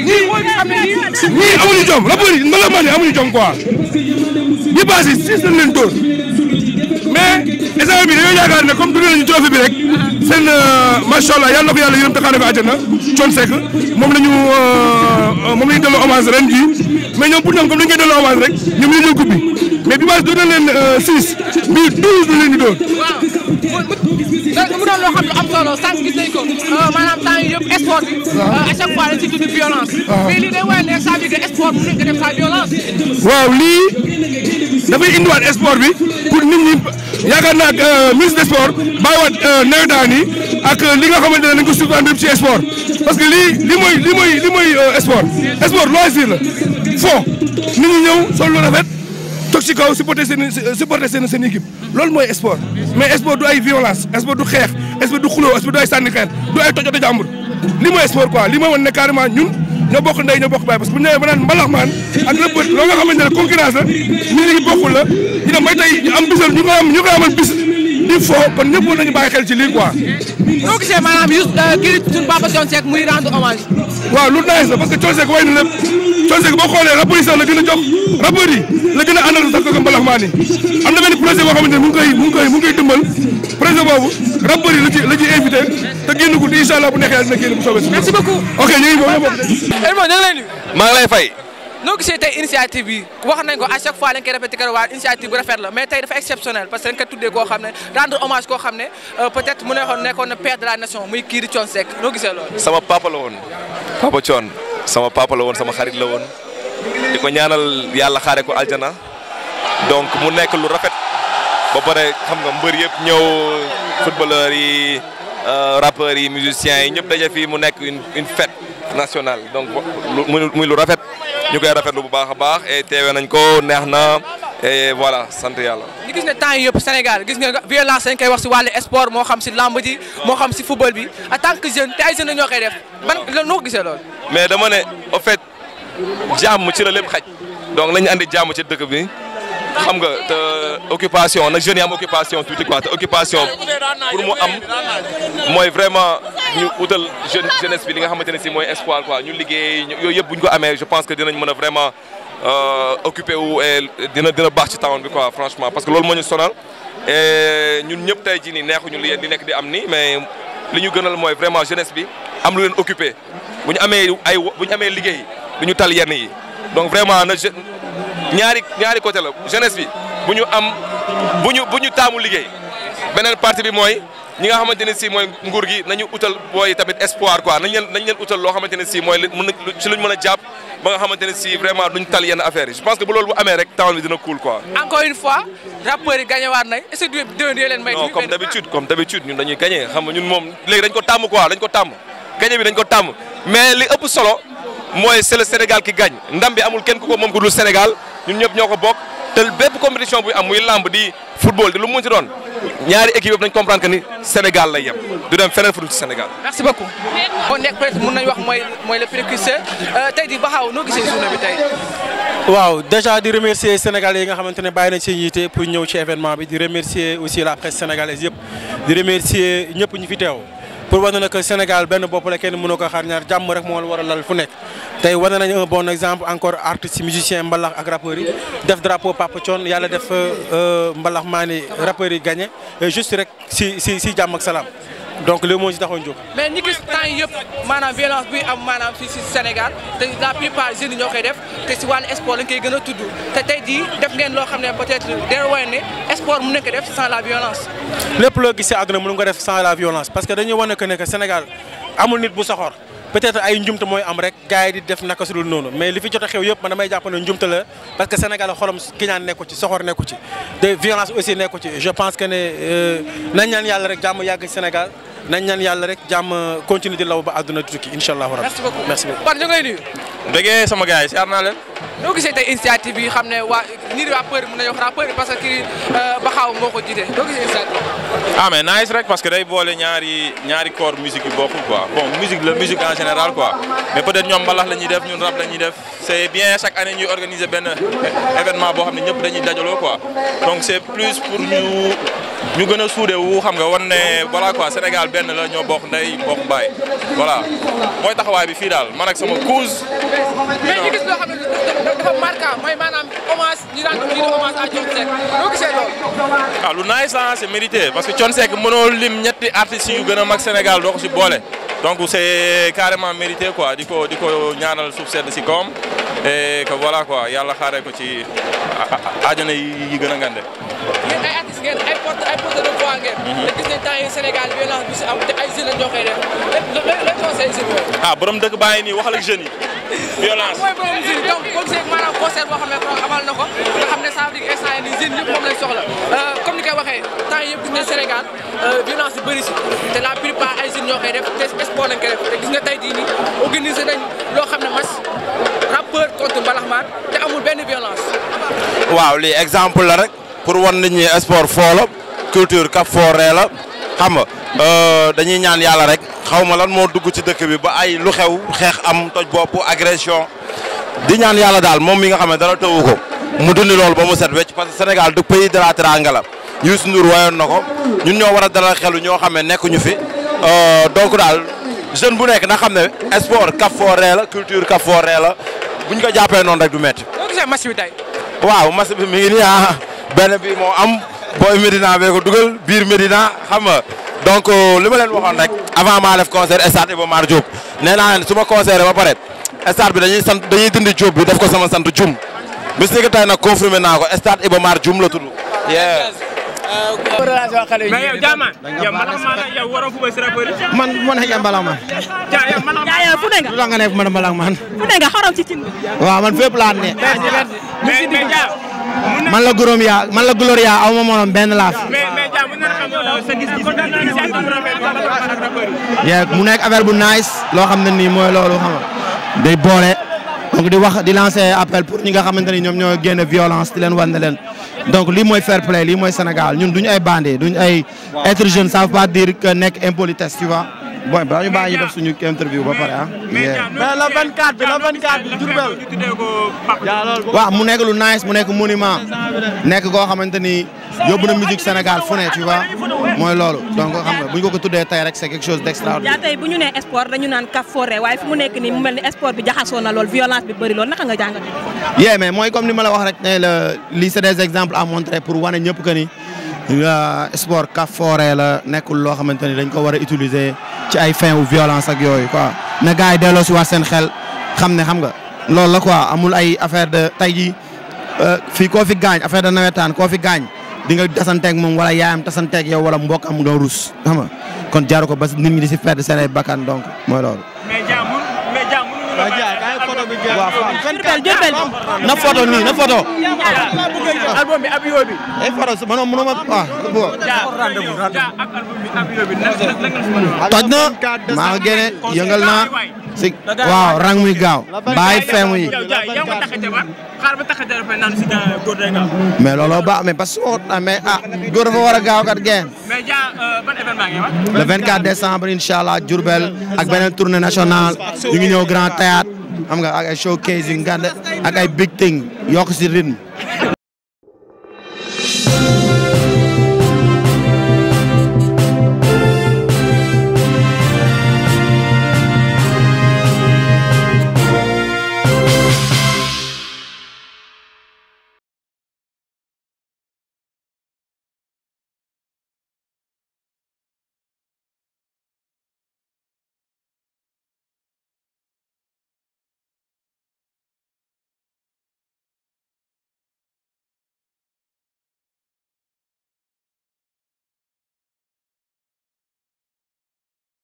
ñii ñii amuñu jom rapport yi mbala maa ne amuñu jom quoi bi passé six lañ leen dóor mais émission bi dañoo yaakaar ne comme dugal nañu trophée bi rek seen euh, macha allah yàlla na ko yàlla yërëm taxaare ko àjjana Thione moom la ñu euh, euh, moom la ñu delloo hommage ren jii mais ñoom pour ñoom comme dañu koy delloo hommage rek ñoom ñu jël coupe bi mais bi passé doon na leen six bii douze lañ leen di dóor. doon loo xam ne am solo sànq gis nañ ko euh, maanaam temps yi yëpp bi. Ah. Euh, à chaque fois dañ ciy tudd ah. violence. waaw lii dafay indiwaat sport bi pour nit ñi yaakaar naa ak euh, ministre des sports bàyyiwaat nawetaan yi ak li nga xamante ne dañ ko suspendre ci sport parce que lii li mooy li mooy li mooy fo nit ñi ñëw sol lu rafet. toog ci kaw supporter loolu mooy sport mais sport du ay violence sport du xeex sport du xuloo sport du ay sànni du ay toj ota jàmbur li mooy sport quoi li mooy wane ne ñun ñoo bokk ndey baay parce que bu ñu nee ba naan mbalax maan ak lëbët loo nga xamante ne concurrence la ñu ngi bokkul la ñu dem bay tey ñu am bisal bis di fo kon ñëpp war xel ci lii quoi. noo gisee maanaam yus kii euh, suñu papa Thione Seck muy rendre hommage. waaw lu neex la parce que Thione Seck way na lépp Thione Seck boo xoolee rappeurs yi sax la gën a jox rappeurs yi la gën a àndal sax kooku am na benn projet boo xamante mu ngi koy mu ngi koy mu ngi koy dimbal projet boobu rappeurs yi la ci la ciy invité te bu neexee yàlla dina génn bu soobee. merci beaucoup ok ñu ngi boobu. Edmond ñu maa ngi fay. noo gisee tey initiative bi wax nañ ko à chaque fois lañ koy répété que waa initiative bu rafet la mais tey dafa exceptionnel parce que dañ ko tuddee koo xam ne rendre hommage koo xam ne euh, peut-être mu neexoon nekkoon na père de la nation muy kii di Thione Seck noo gisee loolu. sama papa la woon papa Thione sama papa la woon sama xarit la woon di ko ñaanal yàlla xaare ko aljana donc mu nekk lu rafet ba pare xam nga mbër yëpp ñëw footballeurs yi euh, rappeurs yi musiciens yi ñëpp daje fii mu nekk une une fête nationale donc muy lu ñu koy rafetlu bu baax a baax et eh, teewee nañ ko neex na et eh, voilà sant yàlla. ñu gis ne temps yi yëpp Sénégal gis nga violence dañ koy wax si wàllu sport moo xam si lamb ji moo xam si football bi en tant que jeune te ay jeunes ñoo koy def. ban lan noo ko mais dama ne en fait jàmm ci la lépp xaj. donc nañu andi jàmm ci dëkk bi. xam nga te occupation nag jeunes yi am occupation tuuti quoi te occupation pour mu am mooy vraiment ñu utal jeune jeunesse bi li nga xamante ne si mooy espoir quoi ñu liggéey yooyu yëpp bu ñu ko amee je pense que dinañ mën a vraiment euh, occupé wu et dina dina baax ci town bi quoi parce que loolu moo ñu ñun ñëpp tey jii nii neexuñu li li nekk di am nii mais li ñu gënal mooy vraiment jeunesse bi am leen occupé bu ñu amee ay bu ñu amee liggéey du ñu tal yenn yi donc vraiment na ñaari ñaari côté la jeunesse bi bu ñu am bu ñu bu ñu taamu liggéey beneen partie bi mooy. ñi nga xamante ne si mooy nguur gi nañu utal booy tamit espoir quoi nañ leen utal loo xamante ne si mooy mën a si luñ mën a jàpp ba nga ne si vraiment duñ tal yenn affaires yi je pense que bu loolu bu amee rek temps bi dina cool quoi. encore comme d'habitude comme d'habitude ñun dañuy gagné xam ñun moom léegi dañ ko tàmm quoi dañ ko tàmm gagné bi dañ ko tàmm mais li ëpp solo mooy Sénégal ki gagne ndam bi amul kenn ku ko moom ku dul Sénégal ñun ñëpp ñoo ko bokk te bépp compétition bu am muy lamb ñaari équipe yëpp nañ comprendre que ni Sénégal lay yem du dem feneen fu dul ci Sénégal. merci beaucoup. boo nañu wax mooy mooy le précurseur euh, tey di Baxaw noo gisee journée bi tey. waaw déjà di remercier sénégalais yi nga xamante ne bàyyi nañ seen yitte pour ñëw ci événement bi di remercier aussi la presse sénégalaise yëpp di remercier ñëpp ñu fi teew. pour wane na Sénégal benn bopp la kenn mënoo ko xaar ñaar jàmm rek moo war a lal fu nekk tey wane nañ un bon exemple encore artistes musiciens mbalax ak rappeurs yi def drapeau Papa Thion yàlla def euh, mbalax maa ni rappeurs yi gagné juste rek si si si jàmm ak salaam. donc loolu moo ci taxoon jóg. mais ñi gis temps yii yëpp maanaam violence buy am maanaam fii si Sénégal te la plupart jeunes ñoo koy def te si wàllu sport lañ koy tudd te tey jii def ngeen loo xam ne peut-être day wane ne sport mën na def sans la violence. lépp loo gis si àdduna mën nga def sans la violence parce que dañu wane que ne que Sénégal amul nit bu soxor peut-être ay njumte mooy am rek gars yi di def naka su noonu mais li fi jot a xew yëpp man damay jàpp ne njumte la parce que Sénégal xolam ki ñaan nekku ci soxor nekku ci de violence aussi ci je pense que ne euh, nañ ñaan yàlla rek jàmm yàgg Sénégal nañ ñaan yàlla rek jàmm continue di law ba àdduna tukki incha allahu rabbi. merci beaucoup merci beaucoup Ban ñu sama gars si aar noo gisee tey initiative yi xam ne waa nii waa peur mën nañoo xanaa parce que kii euh, moo ko jiite noo gisee initiative. ah mais nice rek parce que day boole ñaari ñaari corps musique yu bokkul quoi bon musique la musique en général quoi mais peut être ñoom mbalax la ñuy def ñun rap la ñuy def c' est bien chaque année ñuy organiser benn événement boo xam ne ñëpp dañuy dajaloo quoi donc c' est ñu gën a suude wu xam nga wan ne voilà quoi Sénégal benn la ñoo bokk ndey baay voilà mooy taxawaay bi fii daal man ak sama cause. mais ñu gis loo xam ne mooy maanaam hommage ñu daan ñu hommage à Thione Seck loo gisee loolu. ah lu naay sax c'est parce que con Seck mënoo lim ñetti artistes yu gën a mag Sénégal doo ko si boole. donc c'est carrément mérité quoi di ko di ko ñaanal suuf sedd si koom et que voilà quoi yàlla xaaree ko ci àjjana yi gën a ngande. ngeen ay porte ay porte de voix ngeen. Mhm. te gis nañ temps yi Sénégal violence bi si am te ay jeunes ñoo koy def lépp lépp conseil jeunes yooyu. ah borom dëkk bàyyi nii waxal ak jeunes yi violence. mooy borom jeunes donc boo gisee maanaam conseil boo xam ne amal na ko nga xam ne ça veut dire que instant yii nii jeunes yëpp moom lañ soxla euh, comme ni koy waxee temps yëpp gis nañ Sénégal euh, violence yu bëri si te la plupart ay jeunes ñoo koy def te sport lañ koy def te gis nga tey jii nii organiser nañ loo xam ne match rappeur contre mbalaxmaan te amul benn violence. waaw lii exemple la rek. pour wan nit sport foo la culture kap foo ree la xam nga euh, dañuy ñaan yàlla rek xaw ma lan moo dugg ci dëkk bi ba ay lu xew xeex am toj bopp agression di ñaan yàlla daal moom mi nga xam ne dara tëwu ko mu dund loolu ba mu set wecc parce que Sénégal du pays de la teranga la wayoon na ko ñun ñoo war a dalal xelu ñoo xam ne nekkuñu fi euh, donc daal jeune bu nekk na xam ne sport kap foo ree la culture kap foo ree la buñ ko jàppee noon rek du metti. boo benn bi moo am booy Medina bee ko dugal biir Medina xam nga donc euh, li ma leen waxoon rek avant maa def concert stade Iba Mar Diop nee naa leen su concert ba pare stade bi dañuy sant dañuy dindi Diop bi def ko sama sant Dioum bis ni que tey confirmé naa ko stade Iba Mar Dioum la tudd. mais yow jaamaan man na mbalaxmaan. jaa yow mbalaxmaan fu ne nga. lu tax nga man fu ne nga man man la Gloria man la Gloria aw benn laaf. mu nekk affaire bu nice loo xam ne nii mooy loolu xam nga day boole donc di wax di lancer appel pour ñi nga xamante ni ñoom ñoo génne violence di leen wan ne leen donc lii mooy fair play lii mooy Sénégal ñun duñu ay bandits duñu ay être jeune ça veut pas dire que nekk impolitesse tu vois. bon dañu bàyyi def suñu interview ba pare ah. mais la 24 bi la 24 waaw mu nekk lu nice mu nekk monument. nekk goo xamante ni yóbbu na musique Sénégal fu ne tu vois mooy loolu donc xam nga bu ñu ko ko tuddee tey rek c' est quelque chose d' extraordinaire. yaa tey bu ñu nee sport dañu naan kaf foore waaye fu mu nekk nii mu mel ni sport bi jaxasoo na lool violence bi bëri lool naka nga jàngat. yee mais mooy comme ni ma la wax rek ne la lii des exemples à montrer pour wane ñëpp que sport ka foore la nekkul loo xamante ni dañ ko war a utiliser ci ay fin ou violence ak yooyu quoi na gars yi delloo si waat seen xel xam ne xam nga loolu la quoi amul ay affaire de tey jii euh, fii koo fi gaañ affaire de nawetaan koo fi gaañ di nga tasanteeg moom wala yaayam tasanteeg yow wala mbokk am doo rus xam kon jaru ko ba nit ñi di si perdre seen ay bakkan donc mooy loolu. waaw fan. na foto nii na foto. album bi ab yooyu bi. ay eh, foto si man mënuma ah. toj na maa ngi génne yëngal naa si waaw rang muy gaaw bàyyi feem yi. mais looloo baax mais parce que mais ah góor dafa war a gaaw kat euh, geen. le 24 décembre incha allah Diourbel ak beneen tournée nationale ñu ngi ñëw Grand Théâtre xam nga ak ay showcase yu ngànd ak ay big thing yokk si rythme